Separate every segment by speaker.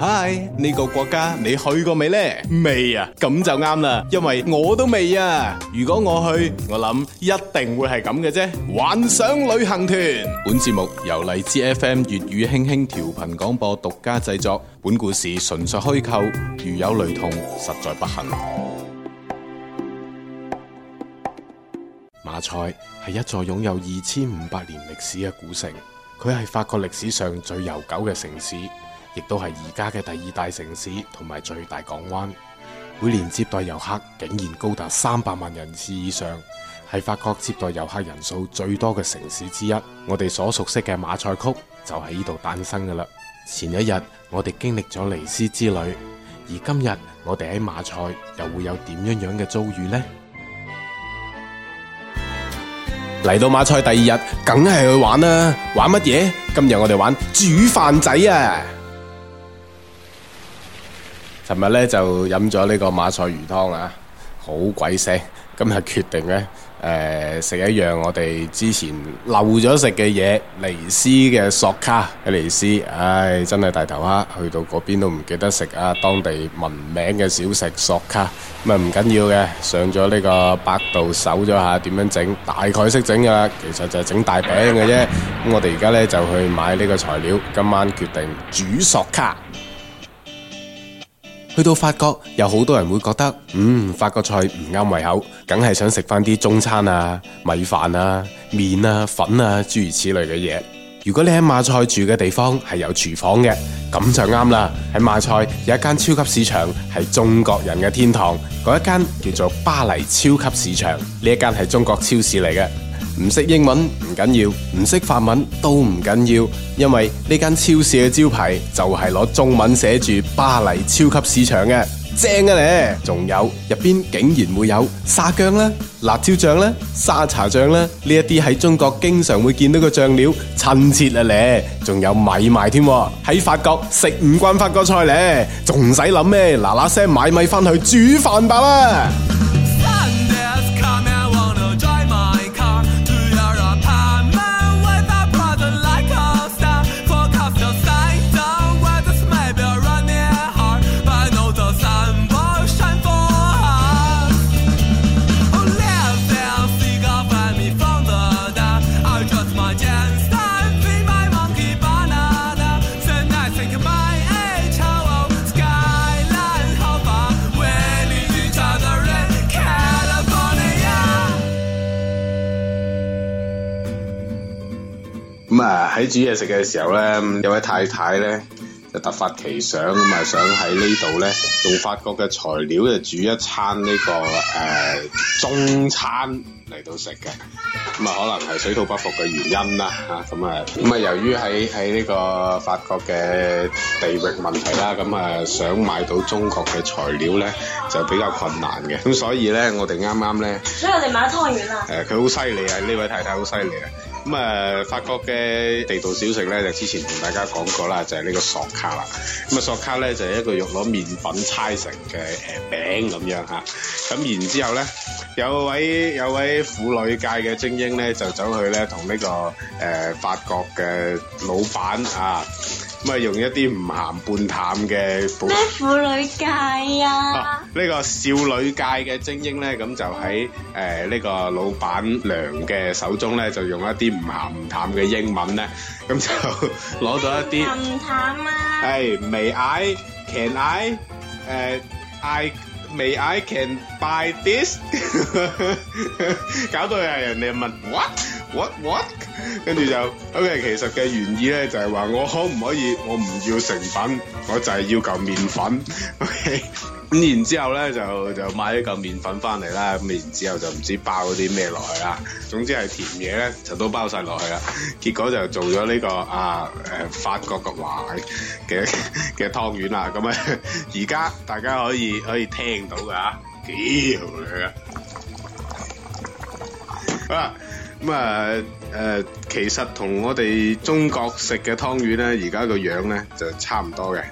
Speaker 1: 嗨，呢個國家你去過未呢？未啊，咁就啱啦，因為我都未啊。如果我去，我諗一定會係咁嘅啫。幻想旅行團，本節目由荔枝 FM 粵語輕輕調頻廣播獨家製作。本故事純屬虛構，如有雷同，實在不幸。馬賽係一座擁有二千五百年歷史嘅古城，佢係法國歷史上最悠久嘅城市。亦都係而家嘅第二大城市同埋最大港灣，每年接待遊客竟然高達三百萬人次以上，係法國接待遊客人數最多嘅城市之一。我哋所熟悉嘅馬賽曲就喺呢度誕生噶啦。前一日我哋經歷咗尼斯之旅，而今日我哋喺馬賽又會有點樣樣嘅遭遇呢？嚟到馬賽第二日，梗係去玩啊！玩乜嘢？今日我哋玩煮飯仔啊！尋日咧就飲咗呢個馬賽魚湯啊，好鬼死。今日決定呢，誒、呃、食一樣我哋之前漏咗食嘅嘢，尼斯嘅索卡喺尼斯。唉、哎，真係大頭蝦，去到嗰邊都唔記得食啊！當地聞名嘅小食索卡，咁啊唔緊要嘅，上咗呢個百度搜咗下點樣整，大概識整噶啦。其實就係整大餅嘅啫。咁我哋而家呢就去買呢個材料，今晚決定煮索卡。去到法國，有好多人會覺得，嗯，法國菜唔啱胃口，梗係想食返啲中餐啊、米飯啊、麵啊、麵啊、粉啊諸如此類嘅嘢。如果你喺馬賽住嘅地方係有廚房嘅，咁就啱啦。喺馬賽有一間超級市場係中國人嘅天堂，嗰一間叫做巴黎超級市場，呢一間係中國超市嚟嘅。唔識英文唔緊要，唔識法文都唔緊要，因為呢間超市嘅招牌就係攞中文寫住巴黎超級市場嘅，正啊咧！仲有入邊竟然會有沙姜啦、辣椒醬啦、沙茶醬啦，呢一啲喺中國經常會見到嘅醬料，親切啊咧！仲有米賣添，喺法國食唔慣法國菜咧，仲使諗咩？嗱嗱聲買米翻去煮飯吧啦！喺煮嘢食嘅時候咧，有位太太咧就突發奇想，咁啊想喺呢度咧用法國嘅材料嚟煮一餐呢，呢個誒、呃、中餐嚟到食嘅。咁啊可能係水土不服嘅原因啦，吓咁啊，咁啊，啊，啊由於喺喺呢個法國嘅地域問題啦，咁啊，啊想買到中國嘅材料咧就比較困難嘅。咁、啊、所以咧我哋啱啱咧，
Speaker 2: 所以我哋買湯圓
Speaker 1: 啦！誒，佢好犀利啊！呢位太太好犀利啊！咁誒法國嘅地道小食咧，就之前同大家講過啦，就係呢個索卡啦。咁啊索卡咧就係、是、一個用攞麵粉搓成嘅誒、呃、餅咁樣嚇。咁、啊、然之後咧，有位有位婦女界嘅精英咧，就走去咧同呢、這個誒、呃、法國嘅老闆啊。咁啊，用一啲唔鹹半淡嘅咩
Speaker 2: 婦女界啊？
Speaker 1: 呢個少女界嘅精英咧，咁就喺誒呢個老闆娘嘅手中咧，就用一啲唔鹹唔淡嘅英文咧，咁就攞到一啲鹹淡啊！誒，May I？Can I？誒，I May I can buy this？搞到係人哋問 What？what what？跟住就，OK，其實嘅原意咧就係話我可唔可以，我唔要成品，我就係要嚿麵粉。咁然之後咧就就買一嚿麵粉翻嚟啦。咁然之後就唔知包嗰啲咩落去啦。總之係甜嘢咧就都包曬落去啦。結果就做咗呢個啊誒法國國華嘅嘅湯圓啦。咁咧而家大家可以可以聽到嘅嚇幾好食啊！啊！咁啊，誒、嗯呃，其實同我哋中國食嘅湯圓咧，而家個樣咧就差唔多嘅，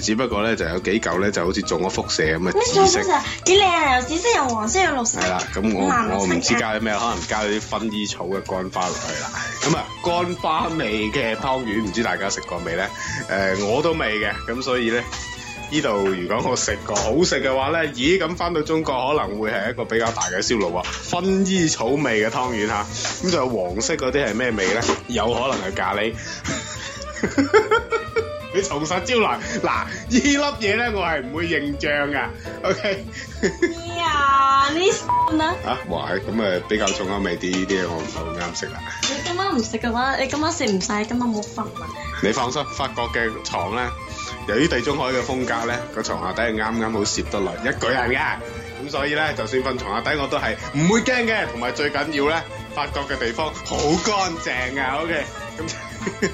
Speaker 1: 只不過咧就有幾嚿咧就好似中咗輻射咁啊！紫色幾靚，又紫
Speaker 2: 色又黃色又綠色，係
Speaker 1: 啦。咁、嗯、我我唔知加啲咩，可能加啲薰衣草嘅乾花落去啦。咁、嗯、啊，乾花味嘅湯圓，唔知大家食過未咧？誒、呃，我都未嘅，咁所以咧。呢度如果我食過好食嘅話咧，咦咁翻到中國可能會係一個比較大嘅銷路啊！薰衣草味嘅湯圓吓，咁就有黃色嗰啲係咩味咧？有可能係咖喱。你從實招來嗱，呢粒嘢咧我係唔會認賬噶，OK？咩啊？呢啊？啊哇，咁啊比較重口味啲，呢啲嘢我唔夠啱食啦。你今晚唔食嘅
Speaker 2: 話，你今晚食唔晒，今晚冇瞓
Speaker 1: 啊？你放心，法國嘅床咧。由於地中海嘅風格咧，個牀下底係啱啱好攝得落一個人嘅。咁所以咧，就算瞓牀下底我都係唔會驚嘅，同埋最緊要咧，發覺嘅地方好乾淨呀，OK，咁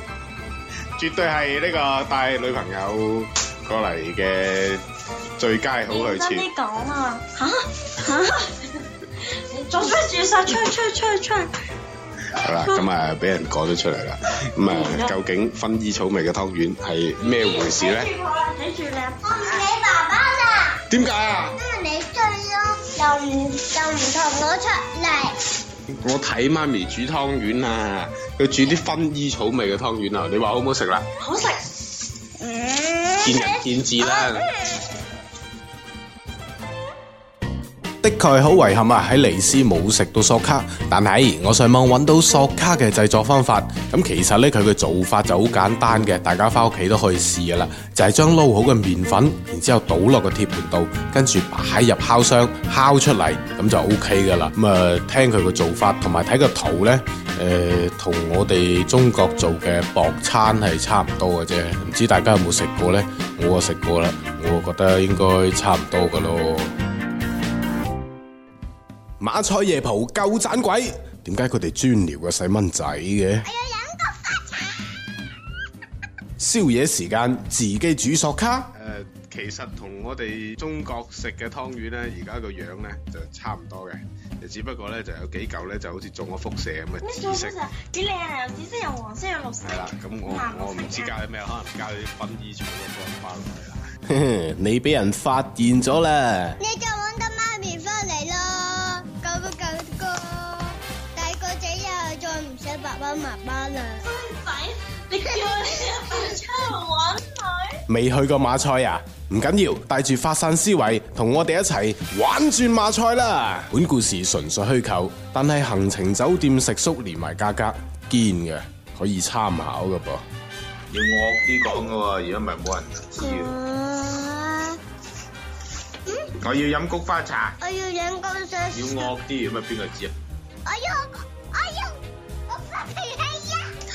Speaker 1: 絕對係呢個帶女朋友過嚟嘅最佳好去處。聽你
Speaker 2: 講啊，嚇嚇，早出住晒，出去出去出去出去。
Speaker 1: 好啦，咁啊俾人講咗出嚟啦，咁啊、 嗯、究竟薰衣草味嘅湯圓係咩回事咧？睇
Speaker 2: 住我啊，睇住你啊，我唔理爸爸啦。點解啊？因為、嗯、你追咯，又唔又唔同我出嚟。
Speaker 1: 我睇媽咪煮湯圓啊，佢煮啲薰衣草味嘅湯圓啊，你話好唔好食啦？好食。嗯、見仁見智啦。嗯佢係好遺憾啊！喺尼斯冇食到索卡，但係我上網揾到索卡嘅製作方法。咁其實呢，佢嘅做法就好簡單嘅，大家翻屋企都可以試噶啦。就係將撈好嘅麵粉，然之後倒落個鐵盤度，跟住擺入烤箱烤出嚟，咁就 OK 噶啦。咁、嗯、啊，聽佢嘅做法同埋睇個圖呢，誒、呃，同我哋中國做嘅薄餐係差唔多嘅啫。唔知大家有冇食過呢？我啊食過啦，我啊覺得應該差唔多噶咯。馬賽夜蒲夠盞鬼，點解佢哋專聊個細蚊仔嘅？係啊，飲個發茶。宵夜時間自己煮索卡。誒、呃，其實同我哋中國食嘅湯圓咧，而家個樣咧就差唔多嘅，只不過咧就有幾嚿咧就好似中咗輻射咁嘅。食。咩中輻射？
Speaker 2: 幾靚啊，又紫色又黃
Speaker 1: 色又綠色。係啦，咁我我唔知加咗咩，可能加咗啲薰衣草嘅花瓣落去啦。 你俾人發現咗啦！
Speaker 2: 爸爸啦，阿仔，你叫你阿爸出嚟玩佢，
Speaker 1: 未去過馬賽啊？唔緊要，帶住發散思維，同我哋一齊玩轉馬賽啦！本故事純粹虛構，但係行程、酒店、食宿連埋價格堅嘅，可以參考嘅噃。要惡啲講嘅，如果唔係冇人知。我要飲菊花茶。
Speaker 2: 我要飲
Speaker 1: 菊花，要惡啲，有乜邊個知啊？
Speaker 2: 我要。